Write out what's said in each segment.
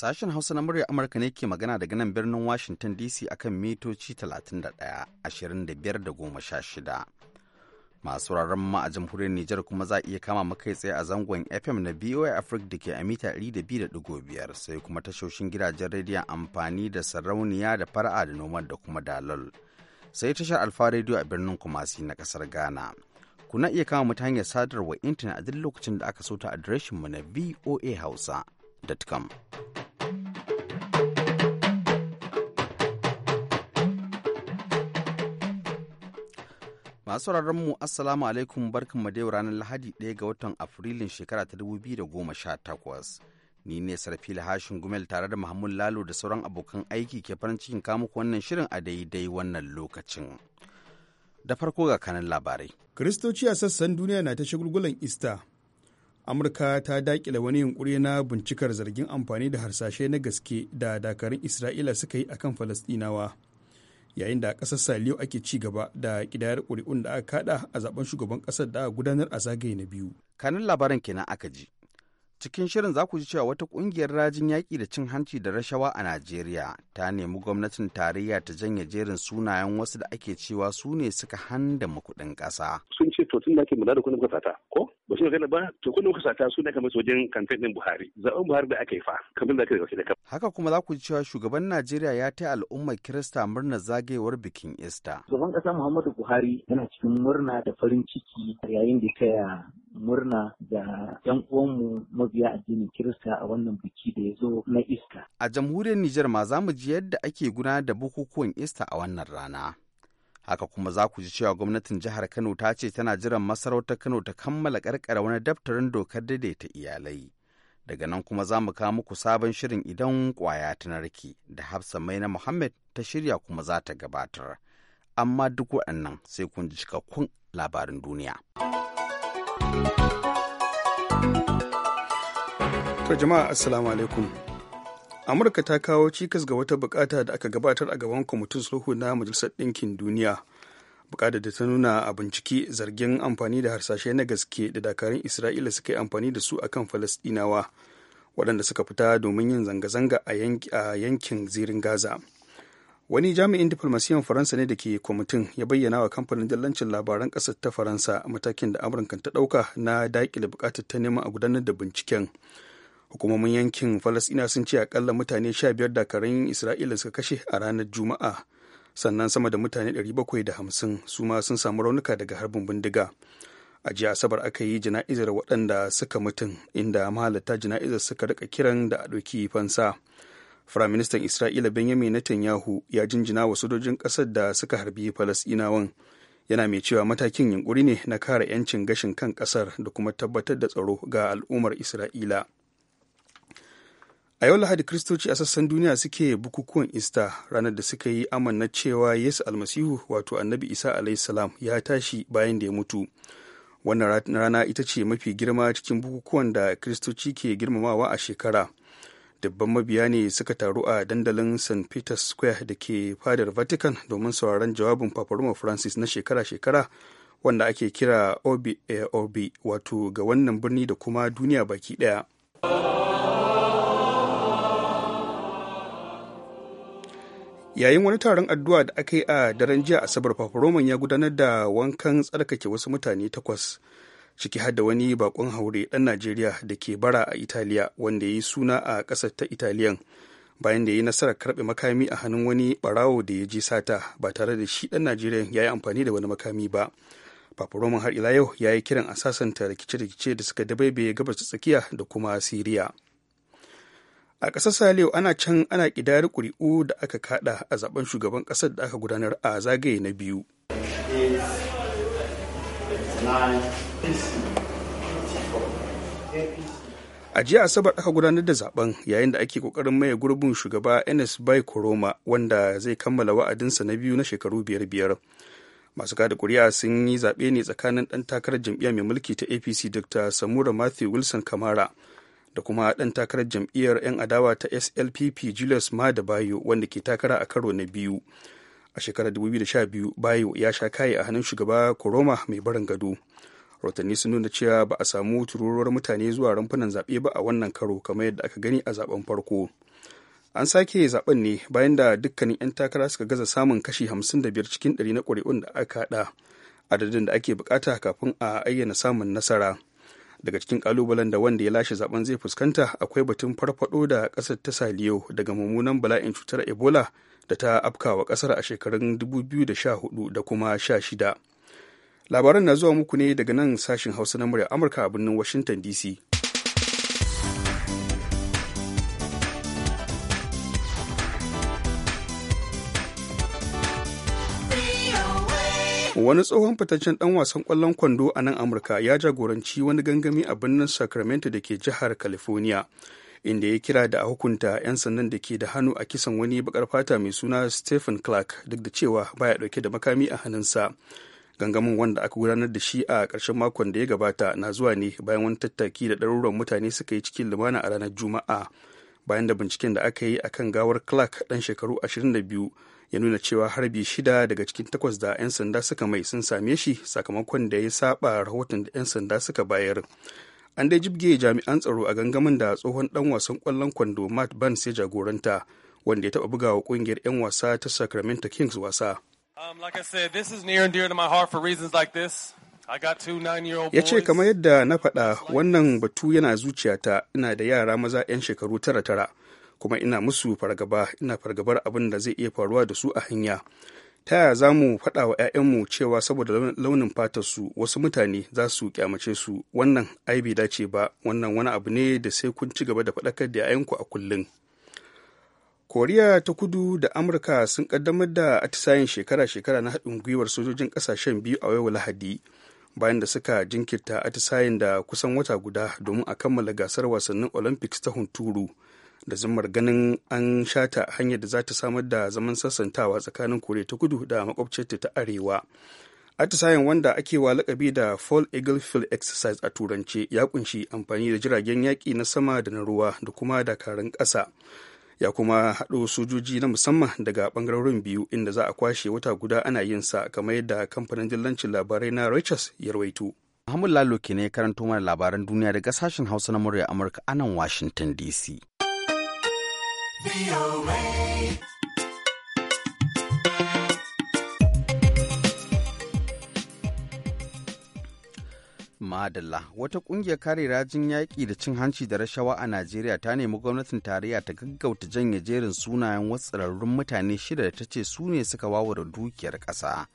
Sashen Hausa na muryar Amurka ne ke magana daga nan birnin Washington DC akan mitoci 31, 25 da 16. Masu rarren ma a jamhuriyar Nijar kuma za a iya kama makai tsaye a zangon FM na BOA Africa da ke a mita 200.5 sai kuma tashoshin gidajen rediyon amfani da sarauniya da fara'a da noman da kuma dalol. Sai tashar Alfa Radio a birnin Kumasi na kasar Ghana. Kuna iya kama mu ta hanyar sadarwa intanet a duk lokacin da aka so ta mu na voahausa.com. Masu mu Assalamu alaikum barkan mu yau ranar Lahadi ɗaya ga watan Afrilun shekara ta dubu biyu da goma sha takwas Ni ne Sarfi Lahashin Gumel tare da Mahmud Lalo da sauran abokan aiki ke farin cikin kamu wannan shirin a daidai wannan lokacin. Da farko ga kanan labarai. Kiristoci a sassan duniya na ta shagulgulan Ista. Amurka ta dakile wani yunkuri na bincikar zargin amfani da harsashe na gaske da dakarun Isra'ila suka yi akan Falasɗinawa. yayin da ƙasar saliyo ake ci gaba da ƙidayar ƙuri'un da aka kada a zaben shugaban ƙasar da gudanar a zagaye na biyu kanin labaran kenan aka ji cikin shirin za ku ji cewa wata kungiyar rajin yaƙi da cin hanci da rashawa a najeriya ta nemi gwamnatin tarayya ta janye jerin sunayen wasu da ake cewa su ne suka handama kuɗin ƙasa sun ce to tun da ake mula da kuɗin kasata ko ba su magana ba to kuɗin kasata su ne kamar wajen kamfen ɗin buhari zaɓen buhari da aka yi fa kamar da aka yi da haka kuma za ku ji cewa shugaban najeriya ya ta al'ummar kirista murnar zagayewar bikin ista shugaban ƙasa muhammadu buhari yana cikin murna da farin ciki yayin da ya murna da 'yan uwanmu mabiya addinin Kirista a wannan biki da ya zo na iska. A jamhuriyar Nijar ma za mu ji yadda ake gudanar da bukukuwan Ista a wannan rana. Haka kuma za ku ji cewa gwamnatin jihar Kano ta ce tana jiran masarautar Kano ta kammala karkara wani daftarin dokar daidaita iyalai. Daga nan kuma za mu kawo muku sabon shirin idan kwaya ta narki da Hafsa mai na Muhammad ta shirya kuma za ta gabatar. Amma duk waɗannan sai kun ji cikakkun labarin duniya. To jama'a assalamu alaikum. Amurka ta kawo cikas ga wata bukata da aka gabatar a gaban kwamitin sulhu na Majalisar Ɗinkin Duniya. Bukatar da ta nuna a bincike zargin amfani da harsashe na gaske da dakarun Isra'ila suka yi amfani da su akan Falasɗinawa waɗanda suka fita domin yin zanga-zanga a yankin zirin Gaza. Wani jami'in diflomasiyan Faransa ne da ke kwamitin ya bayyana wa kamfanin dillancin labaran ƙasar ta Faransa matakin da Amurka ta ɗauka na daƙile bukatar ta neman a gudanar da binciken. hukumomin yankin falasina sun ce akalla mutane 15 dakarun isra'ila suka kashe a ranar juma'a sannan sama da mutane 750 su ma sun samu raunuka daga harbin bindiga a jiya asabar aka yi jana'izar waɗanda suka mutum inda mahalarta jana'izar suka rika kiran da a ɗauki fansa firaministan isra'ila benjamin netanyahu ya jinjina wa sojojin ƙasar da suka harbi falasɗinawan yana mai cewa matakin yunkuri ne na kare 'yancin gashin kan ƙasar da kuma tabbatar da tsaro ga al'ummar isra'ila a yau lahadi kristoci a sassan duniya suke bukukuwan ista ranar da suka yi amanna cewa yesu almasihu wato annabi isa alaihissalam ya tashi bayan da ya mutu wannan rana ita ce mafi girma cikin bukukuwan da kristoci ke girmamawa a shekara dabban mabiya ne suka taru a dandalin st peters square da ke fadar vatican domin sauraron jawabin paparoma francis na shekara-shekara wanda ake kira eh, obi wato ga wannan birni da kuma duniya baki daya yayin wani taron addu'a da aka yi a daren jiya asabar fafaroman ya gudanar da wankan tsarkake wasu mutane takwas ciki har da wani bakon haure dan najeriya da ke bara a italiya wanda ya yi suna a ƙasar ta italiyan bayan da ya yi nasarar karɓe makami a hannun wani ɓarawo da ya je sata ba tare da shi dan najeriya ya yi amfani da wani makami ba fafaroman har ila yau ya yi kiran a sasanta rikice-rikice da suka dabaibaye gabas tsakiya da kuma siriya a ƙasar saliyo ana can ana ƙidayar ƙuri'u da aka kaɗa a zaɓen shugaban ƙasar da aka gudanar a zagaye na biyu a jiya asabar aka gudanar da zaben yayin da ake kokarin maye gurbin shugaba ns bai koroma wanda zai kammala wa'adinsa na biyu na shekaru biyar biyar masu kada kuri'a sun yi zaɓe ne tsakanin ɗan takarar jam'iyya mai mulki ta apc dr samura matthew wilson kamara da kuma ɗan takarar jam'iyyar 'yan adawa ta slpp julius da bayo wanda ke takara a karo na biyu a shekarar 2012 bayo ya sha kaye a hannun shugaba koroma mai barin gado rotanni sun nuna cewa ba a samu tururuwar mutane zuwa rumfunan zaɓe ba a wannan karo kamar yadda aka gani a zaben farko an sake zaben ne bayan da dukkanin 'yan takara suka gaza samun kashi 55 cikin 100 na ƙuri'un da aka haɗa adadin da ake bukata kafin a ayyana samun nasara daga cikin kalubalen da wanda ya lashe zaben zai fuskanta akwai batun farfado da kasar ta saliyo daga mummunan bala'in cutar ebola da ta afkawa kasar a shekarun 2014 da kuma 16 labaran na zuwa muku ne daga nan sashin hausa na murya amurka a birnin washington dc wani tsohon fitaccen dan wasan kwallon kwando a nan amurka ya jagoranci wani gangami a birnin sacramento da ke jihar california inda ya kira da a hukunta 'yan sandan da ke da hannu a kisan wani bakar fata mai suna stephen clark duk da cewa baya dauke da makami a hannunsa gangamin wanda aka gudanar da shi a ƙarshen makon da ya gabata na zuwa ne bayan wani tattaki da ɗaruruwan mutane suka yi cikin lumana a ranar juma'a bayan da binciken da aka yi akan gawar clark ɗan shekaru 22 ya nuna cewa harbi shida daga cikin takwas da 'yan sanda suka mai sun same shi sakamakon da ya saba rahoton da 'yan sanda suka bayar an dai jibge jami'an tsaro a gangamin da tsohon dan wasan kwallon kwando matt barnes ya jagoranta wanda ya taba buga wa kungiyar 'yan wasa ta sacramento kings wasa um, ya ce kamar yadda na faɗa wannan batu yana zuciyata ina da yara maza 'yan shekaru tara tara kuma ina musu fargaba ina fargabar abin da zai iya faruwa da su a hanya ta yaya za mu faɗa wa 'ya'yanmu cewa saboda launin su wasu mutane za su kyamace su wannan ai bai dace ba wannan wani abu ne da sai kun ci gaba da faɗakar da 'ya'yanku a kullum koriya ta kudu da amurka sun kaddamar da atisayin shekara-shekara na haɗin gwiwar sojojin ƙasashen biyu a yau lahadi bayan da suka jinkirta atisayin da kusan wata guda domin a kammala gasar wasannin olympics ta hunturu da zumar ganin an shata hanyar da za ta samar da zaman sassantawa tsakanin kore ta kudu da makwabcinta ta arewa atisayen wanda ake wa lakabi da fall eagle field exercise a turance ya kunshi amfani da jiragen yaƙi na sama da na ruwa da kuma dakarun ƙasa ya kuma haɗo sojoji na musamman daga ɓangarorin biyu inda za a kwashe wata guda ana yin sa kamar yadda kamfanin dillancin labarai na Reuters ya rawaito. Muhammad Lalo ke ne karanto mana labaran duniya daga sashen Hausa na murya Amurka anan Washington DC. Madalla wata ƙungiyar kare rajin yaƙi da cin hanci da rashawa a Najeriya ta nemi gwamnatin tarayya ta gaggauta janye jerin sunayen wasu tsirarrun mutane shida da ta ce su ne suka wawara dukiyar ƙasa.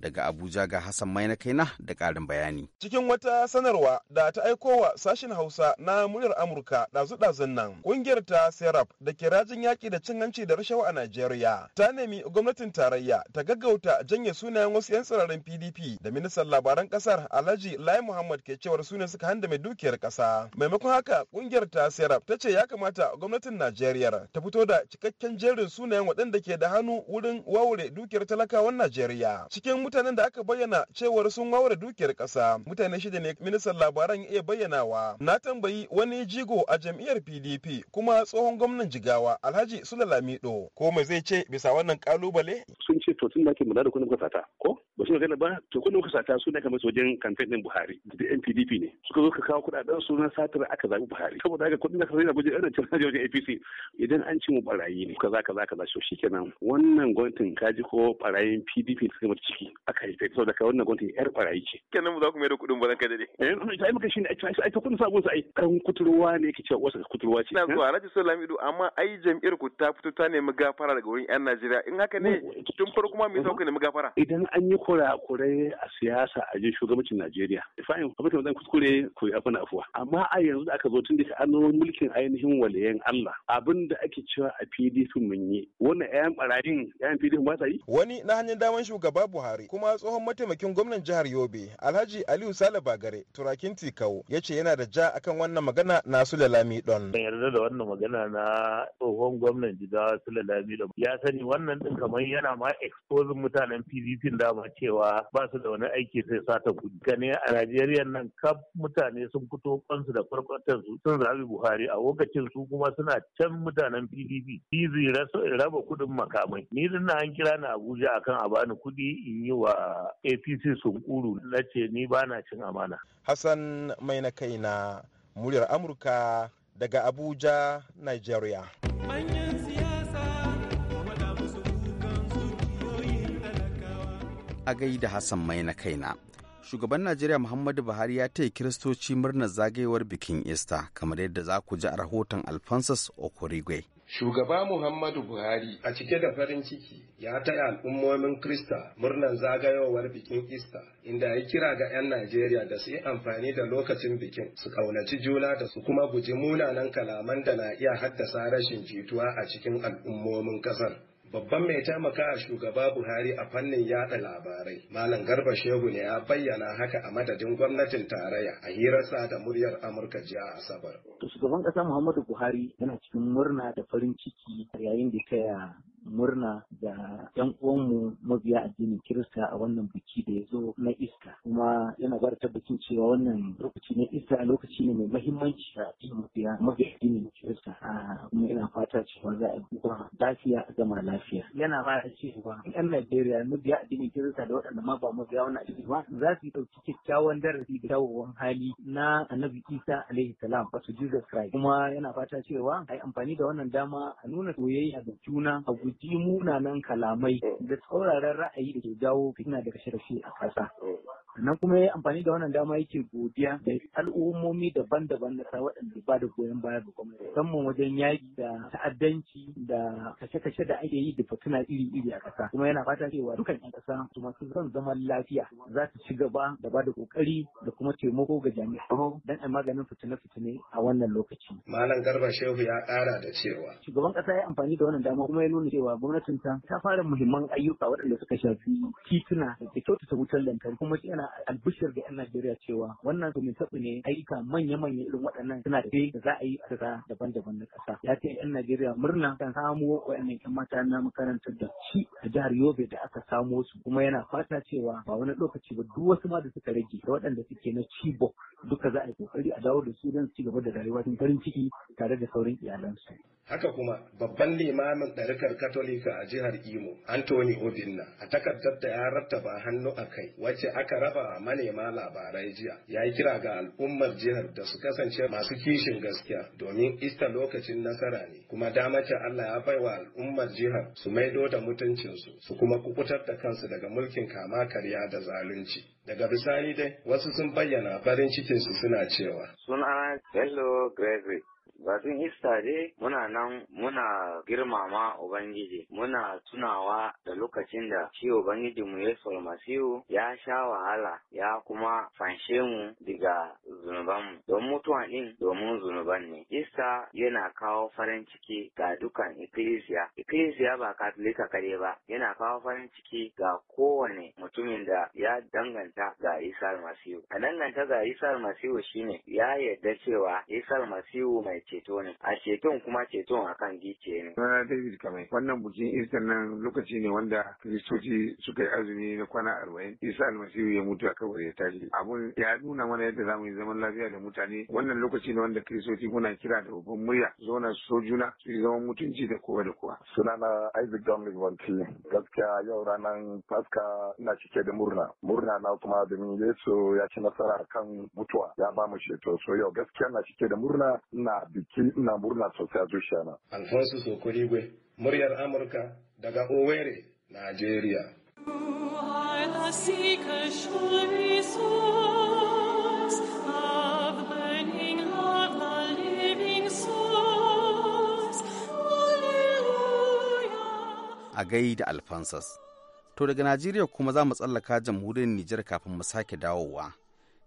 Daga Abuja ga Hassan Mai na kaina da ƙarin bayani. Cikin wata sanarwa da ta aiko wa sashen Hausa na muryar Amurka ɗazu-ɗazun nan, ƙungiyar ta Serap da ke rajin yaƙi da cin hanci da rashawa a Najeriya ta nemi gwamnatin tarayya ta gaggauta janye sunayen wasu 'yan tsirarin PDP da ministan labaran ƙasar Alhaji Lai Muhammad ke cewar su ne suka handame dukiyar ƙasa. Maimakon haka ƙungiyar ta Serap ta ce ya kamata gwamnatin Najeriya ta fito da cikakken jerin sunayen waɗanda ke da hannu wurin waure dukiyar talakawan Najeriya. Cikin mutanen da aka bayyana cewar sun wawara dukiyar ƙasa mutane shida ne ministan labaran iya bayyanawa na tambayi wani jigo a jam'iyyar pdp kuma tsohon gwamnan jigawa alhaji Sule Lamiɗo. ko mai zai ce bisa wannan kalubale sun ce to tun da ake mula da kuɗin ko ba su magana ba to kuɗin kuka sata suna kamar wajen kamfen din Buhari da NPDP ne suka zo ka kawo kudaden su na satar aka zabi Buhari saboda haka kudin da ka zaɓi wajen irin cin wajen APC idan an ci mu barayi ne kaza kaza kaza so shikenan wannan gwamnatin kaji ko barayin PDP da suka mata ciki aka yi fai saboda ka wannan gwamnatin yar barayi ce kenan mu za ku mai da kudin bazan zan kai dade eh ai muka ne ai ta kudin sabon sa ai dan kuturwa ne yake cewa wasu kuturwa ce na zuwa Alhaji Sulaiman amma ai jam'iyyar ku ta fito ta nemi gafara daga wurin 'yan Najeriya in haka ne tun farko ma me sauka ne mu gafara idan an yi kurakurai a siyasa a jin shugabancin Najeriya. Fahim, kuma zan kuskure ku yi abin afuwa. Amma a yanzu da aka zo tun da nuna mulkin ainihin waliyan Allah abin da ake cewa a PDP mun yi. Wannan barayin yan PDP ba yi. Wani na hanyar damar shugaba Buhari kuma tsohon mataimakin gwamnan jihar Yobe Alhaji Aliyu Sale Bagare Turakin Tikau ya ce yana da ja akan wannan magana na Sule Don. Ban yarda da wannan magana na tsohon gwamnan jigawa Sulalami Lamidon. Ya sani wannan din kamar yana ma exposing mutanen PDP dama cewa ba su da wani aiki sai sata kuɗi gane a Najeriya nan kaf mutane sun fito kansu da farkon su sun rabi Buhari a lokacin su kuma suna can mutanen PDP bizi raba kuɗin makamai ni din na an kira ni Abuja akan a bani kuɗi in yi wa APC sunkuru na ce ni ba na cin amana Hassan mai na kai na muryar Amurka daga Abuja Najeriya. Manya. a gaida Hassan mai na kaina. Shugaban Najeriya Muhammadu Buhari ya yi Kiristoci murnar zagayewar bikin Ista kamar yadda za ku ji a rahoton Alphonsus Okorigwe. Shugaba Muhammadu Buhari a cike da farin ciki ya taya al'ummomin Krista murnar zagayowar bikin Ista inda ya kira ga 'yan Najeriya da su yi amfani da lokacin bikin su ƙaunaci juna da su kuma guji munanan kalaman da na iya haddasa rashin jituwa a cikin al'ummomin ƙasar. Babban mai taimaka shugaba Buhari a fannin yada labarai, Malam Garba Shehu ne ya bayyana haka a madadin gwamnatin tarayya a hirarsa da muryar Amurka jiya a Asabar. Shugaban ƙasa Muhammadu Buhari yana cikin murna da farin ciki yayin da kaya murna da yan uwanmu mabiya addinin Kirista a wannan biki da ya zo na iska. kuma yana ba da tabbacin cewa wannan lokaci na Ista lokaci ne mai mahimmanci a cikin mabiya mabiya addinin Kirista kuma ina fata cewa za a duba lafiya a zama lafiya yana ba da cewa yan Najeriya mabiya addinin Kirista da waɗanda ma ba mabiya wannan addini ba za su yi ɗauki kyakkyawan darasi da kyawawan hali na Annabi Isa alaihi salam su Jesus Christ kuma yana fata cewa a yi amfani da wannan dama a nuna soyayya ga juna a guji ji munanan kalamai eh. da tsauraran ra'ayi da ke jawo fitina da kashe-kashe a ƙasa. Eh. sannan kuma ya amfani da wannan dama yake godiya da al'ummomi daban-daban na sa waɗanda ba da goyon baya ga gwamnati musamman wajen yaƙi da ta'addanci da kashe-kashe da ake yi da fituna iri-iri a ƙasa kuma yana fata cewa dukkan 'yan ƙasa su masu son zaman lafiya za su ci gaba da ba da ƙoƙari da kuma taimako ga jami'a don a maganin fitine-fitine a wannan lokaci. Malam Garba Shehu ya ƙara da cewa. Shugaban ƙasa ya amfani da wannan dama kuma ya nuna cewa gwamnatin ta fara muhimman ayyuka waɗanda suka shafi tituna da kyautata wutar lantarki kuma yana albishir da 'yan Najeriya cewa wannan domin taɓi ne ayyuka manya-manya irin waɗannan suna da da za a yi a daban-daban na ƙasa. Ya ce 'yan Najeriya murna kan samu waɗannan 'yan mata na makarantar da shi a jihar Yobe da aka samo su kuma yana fata cewa ba wani lokaci ba duk wasu ma da suka rage da waɗanda suke na Chibok duka za a yi kokari a dawo da su don su ci gaba da rayuwa cikin farin ciki tare da sauran iyalansu. Haka kuma babban limamin ɗarikar Katolika a jihar Imo, Anthony Obinna, a takardar da ya rattaba hannu a kai, wacce aka raba manema labarai jiya ya yi kira ga al'ummar jihar da su kasance masu kishin gaskiya domin ista lokacin nasara ne kuma dama ta Allah ya bai wa al'ummar jihar su maido da mutuncinsu su kuma kukutar da kansu daga mulkin kama karya da zalunci. Daga bisani dai wasu sun bayyana farin cikinsu suna cewa. Suna hello Gregory batun ista dai muna nan muna girmama ubangiji muna tunawa da lokacin da shi ubangiji mu yesu almasihu ya sha wahala ya kuma fanshe mu daga zunubanmu don mutuwa ɗin domin zunuban ne ista yana kawo farin ciki ga dukan ikkilisiya ikkilisiya ba katolika kare ba yana kawo farin ciki ga kowane mutumin da ya danganta ga isa almasihu a danganta ga isa almasihu shine ya yarda cewa isa almasihu mai ceto ne a ceton kuma ceton akan gice ne sunana david kamai wannan bukin easter nan lokaci ne wanda kiristoci suka yi azumi na kwana arba'in isa almasihu ya mutu a kabar ya tashi abun ya nuna mana yadda zamu yi zaman lafiya da mutane wannan lokaci ne wanda kiristoci muna kira da babban murya su so juna su yi zaman mutunci da kowa da kowa sunana isaac dominic wanti gaskiya yau ranar paska ina cike da murna murna na kuma domin yesu ya ci nasara kan mutuwa ya ba mu ceto so yau gaskiya na cike da murna ina bikin ina murna sosai a zuciya na. Alfonso Sokoligwe, muryar Amurka daga Owerri, Najeriya. A gai da Alfonsus. To daga Najeriya kuma za mu tsallaka jamhuriyar Nijar kafin mu sake dawowa.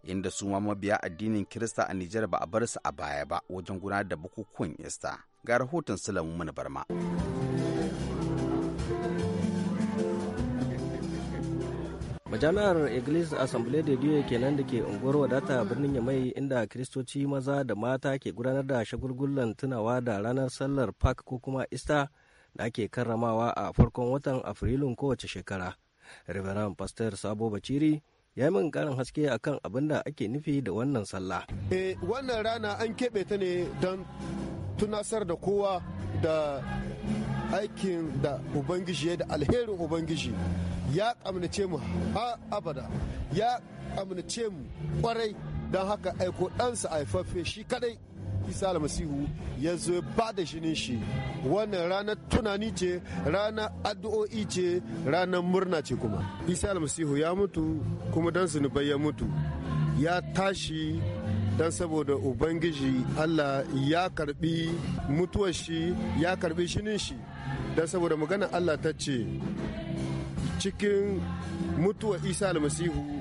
inda su ma mabiya addinin Kirista a Nijar ba a bar su a baya ba wajen gudanar da bukukuwan Ista. Ga rahoton Sulamu mana Barma. majami'ar iglis assembly da diyo kenan da ke unguwar wadata birnin yamai inda kiristoci maza da mata ke gudanar da shagulgullan tunawa da ranar sallar park ko kuma ista da ake karramawa a farkon watan afrilun kowace shekara reverend pastor sabo baciri ya yi min karin haske akan abin da ake nufi da wannan sallah. Eh wannan rana an keɓe ta ne don tunasar da kowa da aikin da Ubangiji ya da alherin Ubangiji ya ƙamnace mu har abada ya ƙamnace mu kwarai don haka aiko ɗansa aifaffe shi kadai isa almasihu ya zo ba da shinin shi wannan ranar tunani ce ranar addu'o'i ce ranar murna ce kuma isa almasihu ya mutu kuma dan zunubai ya mutu ya tashi don saboda ubangiji allah ya karbi mutuwar shi ya karbi shinin shi don saboda magana allah ta ce cikin mutuwar isa almasihu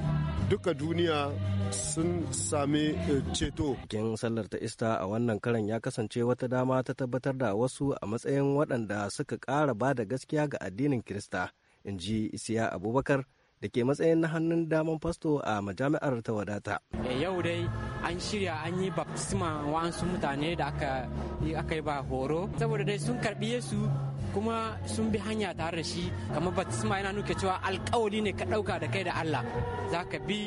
duka duniya sun sami eh, ceto. Bikin sallar ta ista a wannan karan ya kasance wata dama ta tabbatar da wasu a matsayin waɗanda suka ƙara ba da gaskiya ga addinin Kirista, in ji Isiya Abubakar da ke matsayin na hannun daman fasto a majami'ar ta wadata. Eh, yau dai an shirya an yi baptisma wa'ansu mutane da aka yi ba horo saboda dai sun karɓi Yesu kuma sun bi hanya tare da shi kamar batisma yana nuke cewa alkawari ne ka ɗauka da kai da Allah za ka bi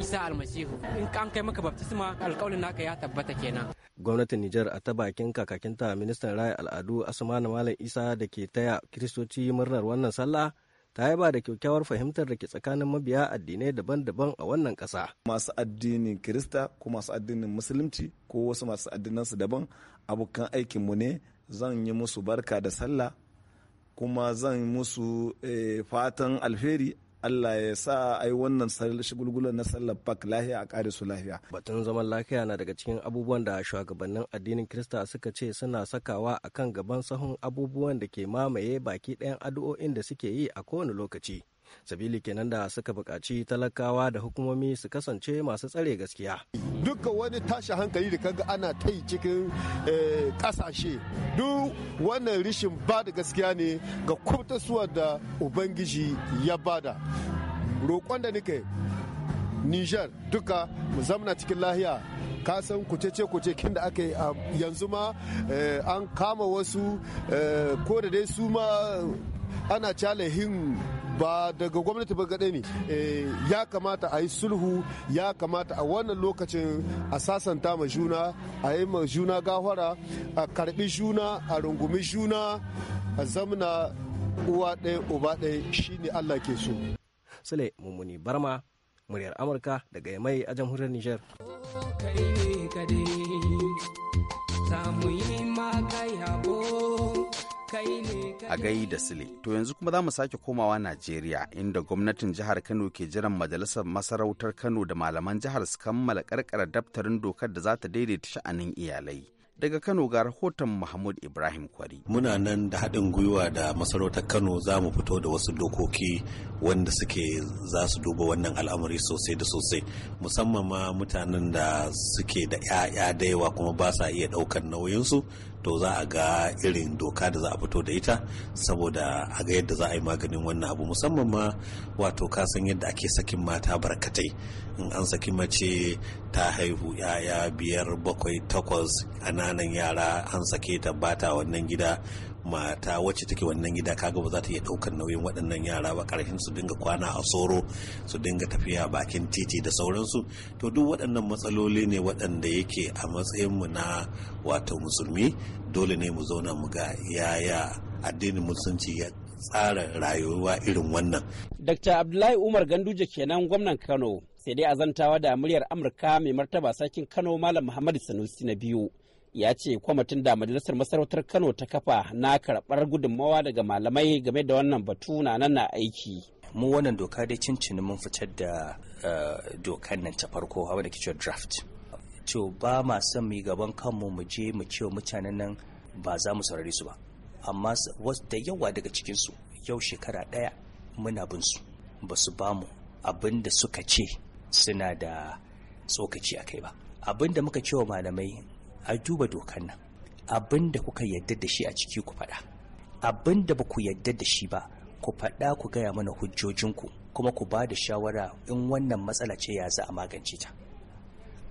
isa almasihu in an kai maka baptisma alkawalin naka ya tabbata kenan gwamnatin nijar a ta bakin kakakinta ministan raya al'adu asmanu malam isa da ke taya kiristoci murnar wannan sallah ta yaba da kyakkyawar fahimtar da ke tsakanin mabiya addinai daban-daban a wannan ƙasa. masu addinin kirista ko masu addinin musulunci ko wasu masu addinansu daban abokan aikinmu ne zan yi musu barka da sallah kuma zan yi musu eh, fatan alheri Allah ya sa ai wannan shigulgulan na sallar bak lahiya a kare su lahiya. Batun zaman lafiya na daga cikin abubuwan da shugabannin addinin Kirista suka ce suna sakawa a kan gaban sahun abubuwan da ke mamaye baki ɗayan addu'o'in da suke yi a kowane lokaci. sabili kenan da suka buƙaci talakawa da hukumomi su kasance masu tsare gaskiya duka wani tashi hankali da kaga ana ta yi cikin eh, ƙasashe duk wannan rishin ba da gaskiya ne ga kubtasuwar da ubangiji ya bada roƙon da nake Nijar duka mu zamana cikin lahiya ka san kuce-kuce kin da aka yi yanzu ma eh, an kama wasu eh, ko da dai su ma ana calahin ba daga gwamnati ba gaɗe ne eh, ya kamata a yi sulhu ya kamata a wannan lokacin a sasanta ma juna a yi ma juna gawara a karbi juna a rungumi juna a zamna uwa ɗaya uba ɗaya shi ne Allah ke so. Sule Mummuni Barma muryar Amurka daga Yamai a jamhuriyar Nijar. Samu a gai da sile to yanzu kuma za mu sake komawa najeriya inda gwamnatin jihar kano ke jiran majalisar masarautar kano da malaman jihar su kammala karkara daftarin dokar da za ta daidaita sha'anin iyalai daga kano ga rahoton mahmud ibrahim kwari muna nan da haɗin gwiwa da masarautar kano za mu fito da wasu dokoki wanda suke za su duba wannan al'amari sosai da sosai musamman ma mutanen da suke da 'ya'ya da yawa kuma ba sa iya ɗaukar nauyinsu to za a ga irin doka da za a fito da ita saboda a ga yadda za a yi maganin wannan abu musamman ma wato ka san yadda ake sakin mata barkatai in an saki mace ta haihu yaya biyar bakwai takwas nanan yara an sake ta bata wannan gida mata wacce take wannan gida kaga ba za ta iya ɗaukar nauyin waɗannan yara ba ƙarshen su dinga kwana a soro su dinga tafiya bakin titi da sauransu to duk waɗannan matsaloli ne waɗanda yake a matsayin mu na wato musulmi dole ne mu zauna mu ga yaya addinin musulunci ya tsara rayuwa irin wannan. Dr. Abdullahi Umar Ganduje kenan gwamnan Kano sai dai azantawa da muryar Amurka mai martaba sarkin Kano Malam Muhammadu Sanusi na biyu. ya ce kwamitin da majalisar masarautar kano ta kafa na karɓar gudunmawa daga malamai game da wannan batu na nan na aiki mu wannan doka dai cincin mun fitar da eh, dokan nan ta farko hawa da kicin draft to ba ma son mu gaban kanmu mu je mu ce mutanen nan ba za mu saurare su ba amma da yawa daga cikin su yau shekara ɗaya muna bin su ba su ba mu abin da suka ce suna da tsokaci a kai ba abin da muka cewa malamai a duba dokan nan abin da kuka yarda da shi a ciki ku faɗa abin da ba ku yarda da shi ba ku faɗa ku gaya mana hujjojinku kuma ku ba da shawara in wannan matsala ce ya za a magance ta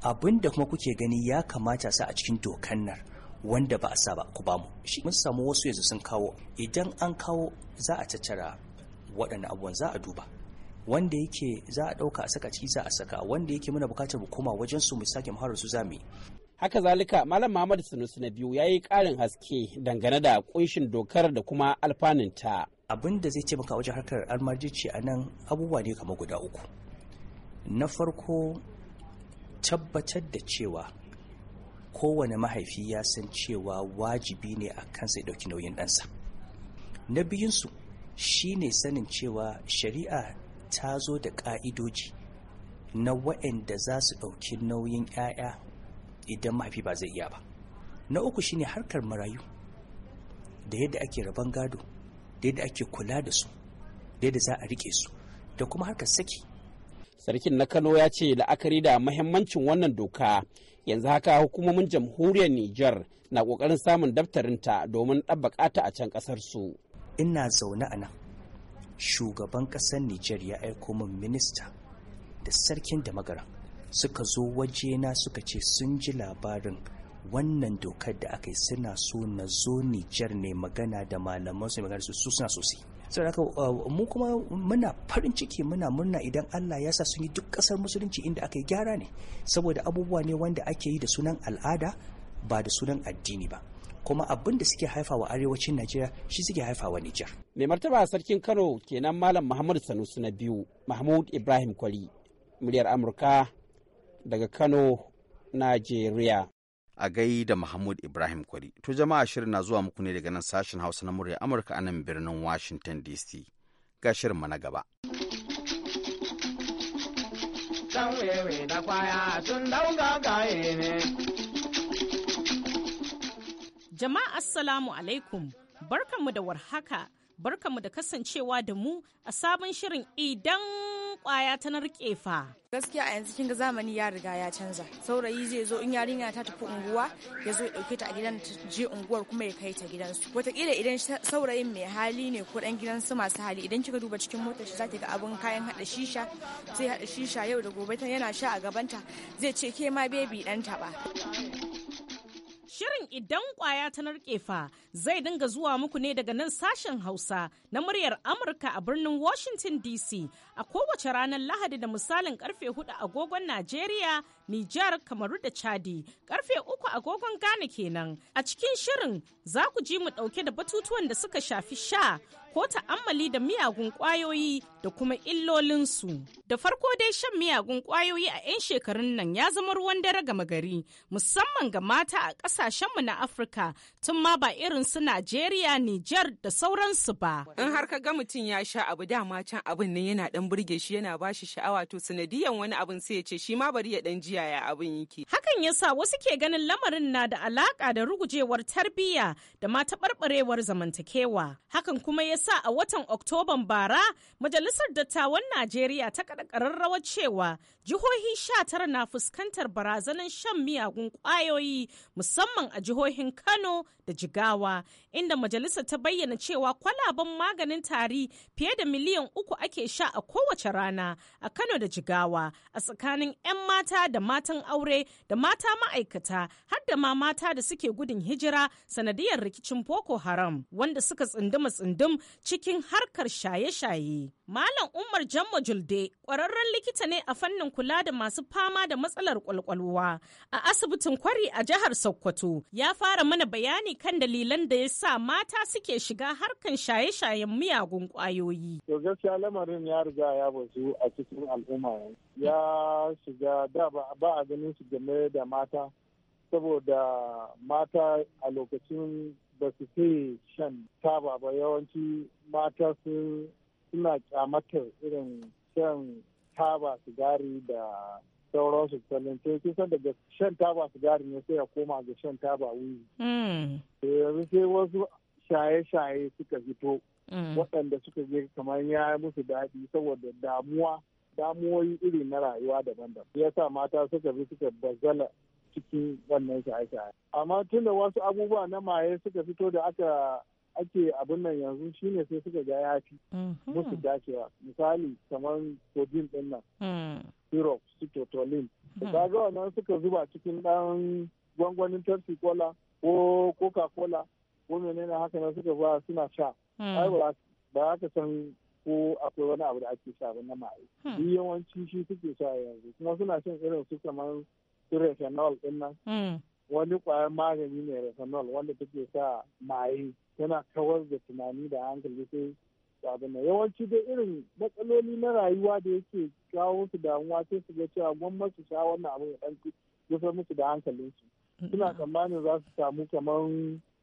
abin da kuma kuke gani ya kamata sa a cikin dokan nan wanda ba a sa ba ku ba mu shi mun samu wasu yanzu sun kawo idan an kawo za a tattara waɗannan abubuwan za a duba wanda yake za a ɗauka a saka ciki za a saka wanda yake muna bukatar mu koma wajen su mu sake mu su za mu haka zalika malam muhammad sanusi na biyu ya yi ƙarin haske dangane da kunshin dokar da kuma alfanunta abin da zai taimaka wajen harkar almajirci a nan abubuwa ne kamar guda uku na farko tabbatar da cewa kowane mahaifi ya san cewa wajibi ne a kansa ya ɗauki nauyin ɗansa na biyunsu shine sanin cewa shari'a ta zo da ƙa'idoji na waɗanda za su ɗauki nauyin 'ya'ya idan mahaifi ba zai iya ba na uku shine harkar marayu da yadda ake rabon gado da yadda ake kula da su da yadda za a rike su da kuma harkar saki sarkin na kano ya ce la'akari da mahimmancin wannan doka yanzu haka hukumomin jamhuriyar Nijar na kokarin samun daftarinta domin ɗabbaƙa ta a can ƙasar su ina zaune a nan shugaban ƙasar Nijar ya aiko min minista da sarkin da magaran suka zo wajena suka ce sun ji labarin wannan dokar da aka yi suna so na zo Nijar ne magana da malaman su magana su suna so su saboda uh, mu kuma muna farin ciki muna murna idan Allah ya sa sun yi duk kasar musulunci inda aka yi gyara ne saboda abubuwa ne wanda ake yi da sunan al'ada ba da sunan addini ba kuma abin da suke haifawa arewacin Najeriya shi suke haifawa Nijar. Mai martaba sarkin Kano kenan Malam Muhammadu Sanusi na biyu Mahmud Ibrahim Kwali muryar Amurka daga Kano, Najeriya. A gai da Mahmud Ibrahim Kwari. To jama'a shirin na zuwa muku ne daga nan sashen Hausa na murya Amurka a nan birnin Washington DC. Ga shirin na gaba. Jama'a Assalamu alaikum, barkanmu da warhaka, barkanmu da kasancewa da mu a sabon shirin idan kwaya ta narke fa. Gaskiya a yanzu kinga zamani ya riga ya canza. Saurayi zai zo in yarinya ta tafi unguwa ya zo ya dauke ta a gidan ta je unguwar kuma ya kai ta gidansu. Wataƙila idan saurayin mai hali ne ko dan gidansu masu hali idan kika duba cikin motar shi zaki ga abun kayan hada shisha sai hada shisha yau da gobe ta yana sha a gabanta zai ce ke ma bebi dan taɓa. Shirin idan kwaya ta narke fa zai dinga zuwa muku ne daga nan sashen Hausa na muryar Amurka a birnin Washington DC a kowace ranar Lahadi da misalin karfe 4 agogon Najeriya, Nijar, Kamaru da Chadi, karfe uku agogon Ghana kenan. A cikin shirin za ku ji mu dauke da batutuwan da suka shafi sha ko ta'ammali da miyagun kwayoyi da kuma illolinsu. Da farko dai shan miyagun kwayoyi a 'yan shekarun nan ya zama ruwan dare gama gari, musamman ga mata a ƙasashenmu na Afirka, tun ma ba irin su Najeriya, Nijar da sauransu ba. In har ka ga mutum ya sha abu dama can abin nan yana ɗan burge shi yana ba shi sha'awa to sanadiyan wani abin sai ya ce shi ma bari ya ɗan ji yaya abin yake. Hakan ya sa wasu ke ganin lamarin na da alaƙa da rugujewar tarbiyya da ma taɓarɓarewar zamantakewa. Hakan kuma ya sa a watan Oktoban bara Majalisar Dattawan Najeriya ta kaɗa ƙararrawar cewa jihohi sha tara na fuskantar barazanan shan miyagun ƙwayoyi musamman a jihohin Kano da Jigawa inda majalisar ta bayyana cewa kwalaban maganin tari fiye da miliyan uku ake sha a kowace rana a Kano da Jigawa a tsakanin 'yan mata da matan aure da mata ma'aikata har da ma mata da suke gudun hijira sanadiyar rikicin Boko Haram wanda suka tsunduma tsundum cikin harkar shaye-shaye. Malam Umar Jamma Julde ƙwararren likita ne a fannin kula da masu fama da matsalar ƙwaƙwalwa a asibitin kwari a jihar Sokoto ya fara mana bayani kan dalilan da ya sa mata suke shiga harkan shaye-shayen miyagun ƙwayoyi. To gaskiya lamarin ya riga ya bazu a cikin al'umma ya shiga da ba a ganin su game da mata saboda mata a lokacin ba su shan taba ba yawanci mata sun suna kyamatar irin shan taba sigari da sauransu talente kusa daga shan taba sigari ne sai ya koma ga shan taba wiwi. Hmm. yanzu sai wasu shaye-shaye suka fito hmm. waɗanda suka je kamar ya yi musu daɗi saboda damuwa damuwoyi iri na rayuwa daban-daban ya sa mata suka fi suka bazala cikin wannan shaye-shaye amma tunda wasu abubuwa na maye suka fito da aka ake abin nan yanzu shine sai suka ga ya fi mhm. musu dacewa misali kamar sodium din nan hmm. syrup su totolin hmm. ga wannan suka zuba cikin dan gwangwanin pepsi cola ko coca cola ko menene haka na suka ba suna sha hmm. ai ba za ka san ko akwai wani abu da ake sha na maye duk yawanci shi suke sha yanzu kuma suna shan irin su kamar su refinol din nan wani kwayar magani ne refinol wanda take sa maye yana kawar da tunani da hankali sai abin da yawanci da irin matsaloli na rayuwa da yake kawo su damuwa sai su ga cewa gwamnati su sha wannan abin ya ɗan musu da hankalinsu suna tsammanin za su samu kamar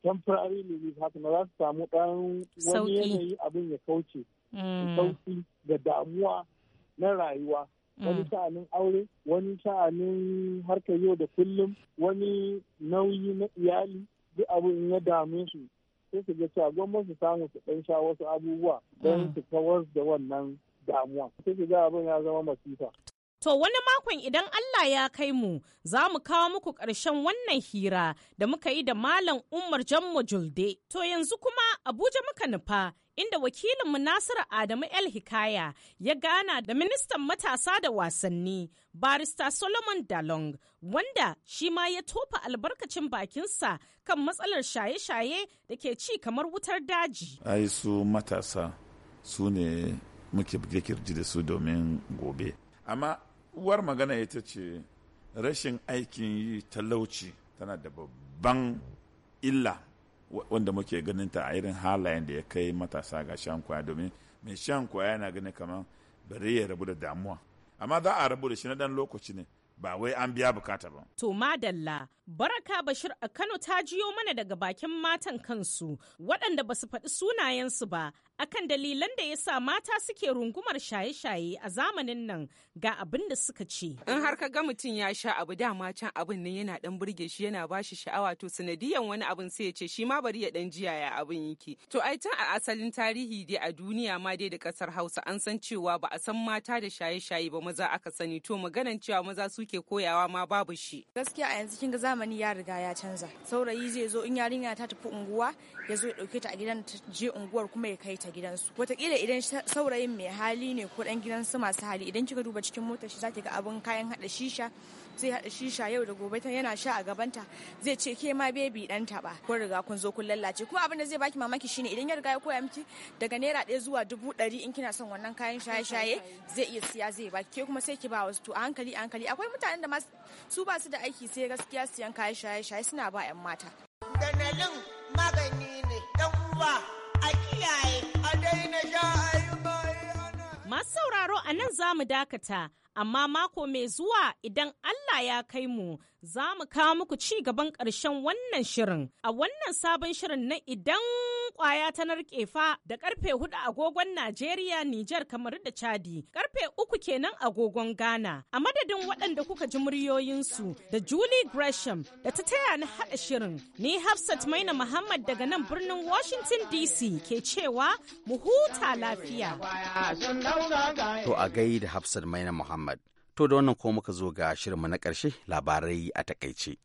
temporary relief haka na za su samu ɗan wani yanayi abin ya kauce mm. sauki ga damuwa na rayuwa mm. wani sha'anin aure wani sha'anin harkar yau da kullum wani nauyi na iyali duk abin ya dame su sai su ga cewa gwamnati su samu su ɗan sha wasu abubuwa don mm. su kawar da wannan damuwa sai su ga abin ya zama masifa. To wani makon idan Allah ya kai mu za mu kawo muku ƙarshen wannan hira da muka yi da Malam Umar Jammo Julde. To yanzu kuma Abuja muka nufa inda wakilinmu Nasiru Adamu El Hikaya ya gana da ministan matasa da wasanni barista Solomon Dalong wanda shi ma ya tofa albarkacin bakinsa kan matsalar shaye-shaye da ke ci kamar wutar daji. Ai su matasa su ne muke da su domin gobe. Amma uwar magana ita ce rashin aikin yi talauci tana da babban illa wanda muke ganin ta a irin halayen da ya kai matasa ga shan kwaya domin mai shan kwaya yana gani kamar bari ya rabu da damuwa amma za a rabu da shi na dan lokaci ne ba wai an biya bukata ba. To madalla Baraka Bashir a Kano ta jiyo mana daga bakin matan kansu waɗanda ba su faɗi sunayensu ba akan dalilan da ya sa mata suke rungumar shaye-shaye a zamanin nan ga abin da suka ce. In har ka ga mutum ya sha abu dama can abin nan yana dan burge shi yana ba shi sha'awa to sanadiyan wani abin sai ya ce shi ma bari ya dan jiya ya abin yake. To ai tun a asalin tarihi dai a duniya ma dai da ƙasar Hausa an san cewa ba a san mata da shaye-shaye ba maza aka sani to maganan cewa maza suke koyawa ma babu shi. Gaskiya a yanzu kin ga zamani ya riga ya canza saurayi zai zo in yarinya ta tafi unguwa ya zo ya dauke ta a gidan ta je unguwar kuma ya kai ta gidansu watakila idan saurayin mai hali ne ko dan gidansu masu hali idan kika duba cikin mota shi zaki ga abun kayan hada shisha zai haɗa shisha yau da gobe yana sha a gabanta zai ce ke ma bebi dan ba kun riga kun zo kun lallace kuma abin da zai baki mamaki shine idan ya riga ya koya miki daga naira ɗaya zuwa dubu ɗari in kina son wannan kayan shaye-shaye zai iya siya zai baki ke kuma sai ki ba wasu to a hankali a hankali akwai mutanen da su ba su da aiki sai gaskiya siyan kayan shaye-shaye suna ba 'yan mata sauraro a nan za mu dakata, amma mako mai zuwa idan Allah ya kai mu za mu kawo muku ci gaban ƙarshen wannan shirin a wannan sabon shirin na idan in kwaya ta narke fa da karfe hudu agogon Najeriya, Nijar, kamar da Chadi, karfe uku kenan agogon Ghana. A madadin waɗanda kuka ji muryoyinsu da Julie Gresham da ta taya ni haɗa shirin. Ni Hafsat Maina Muhammad daga nan birnin Washington DC ke cewa mu huta lafiya. To a gaida Hafsat Maina Muhammad. To da wannan ko muka zo ga shirin mu na ƙarshe labarai a takaice.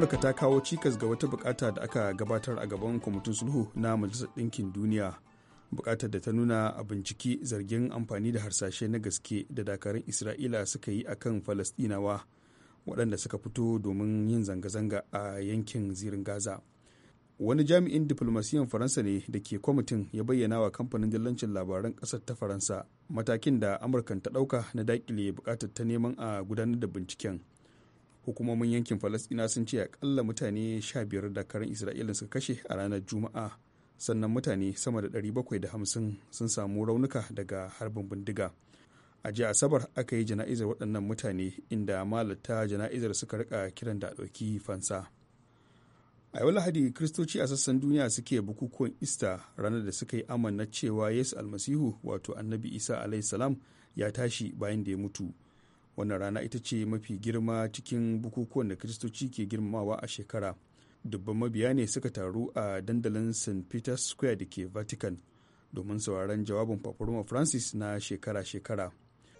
amurka ta kawo cikas ga wata bukata da aka gabatar a gaban kwamitin sulhu na majalisar ɗinkin duniya bukatar da ta nuna a binciki zargin amfani da harsashe na gaske da dakarun isra'ila suka yi akan falastinawa waɗanda suka fito domin yin zanga-zanga a yankin zirin gaza wani jami'in diflomasiyan faransa ne da ke kwamitin ya bayyana wa kamfanin dillancin labaran ƙasar ta faransa matakin da amurkan ta ɗauka na daƙile bukatar ta neman a gudanar da binciken hukumomin yankin falastina sun ce akalla mutane 15 da karin isra'ila suka kashe a ranar juma'a sannan mutane sama da 750 sun samu raunuka daga harbin bindiga a jiya asabar aka yi jana'izar waɗannan mutane inda malata jana'izar suka rika kiran da ɗauki fansa a yau lahadi kristoci a sassan duniya suke bukukuwan ista ranar da suka yi amanna cewa yesu almasihu wato annabi isa alaihi salam ya tashi bayan da ya mutu wannan rana ita ce mafi girma cikin bukukuwan da kiristoci ke girmamawa a shekara dubban mabiya ne suka taru a dandalin st peter's square da ke vatican domin sauraron jawabin paparoma francis na shekara-shekara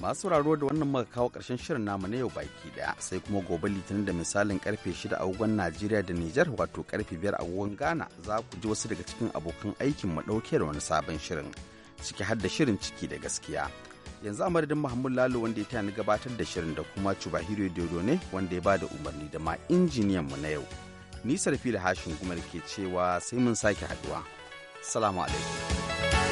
masu sauraro da wannan muka kawo karshen shirin namu na yau baki daya sai kuma gobe litinin da misalin karfe 6 agogon najeriya da nijar wato karfe 5 agogon ghana za ku ji wasu daga cikin abokan aikin mu dauke da wani sabon shirin ciki har da shirin ciki da gaskiya yanzu a madadin mahmud lalo wanda ya taya ni gabatar da shirin da kuma cubahiro dodo ne wanda ya bada umarni da ma injiniyan mu na yau ni sarfi da hashin kuma ke cewa sai mun sake haduwa salamu alaikum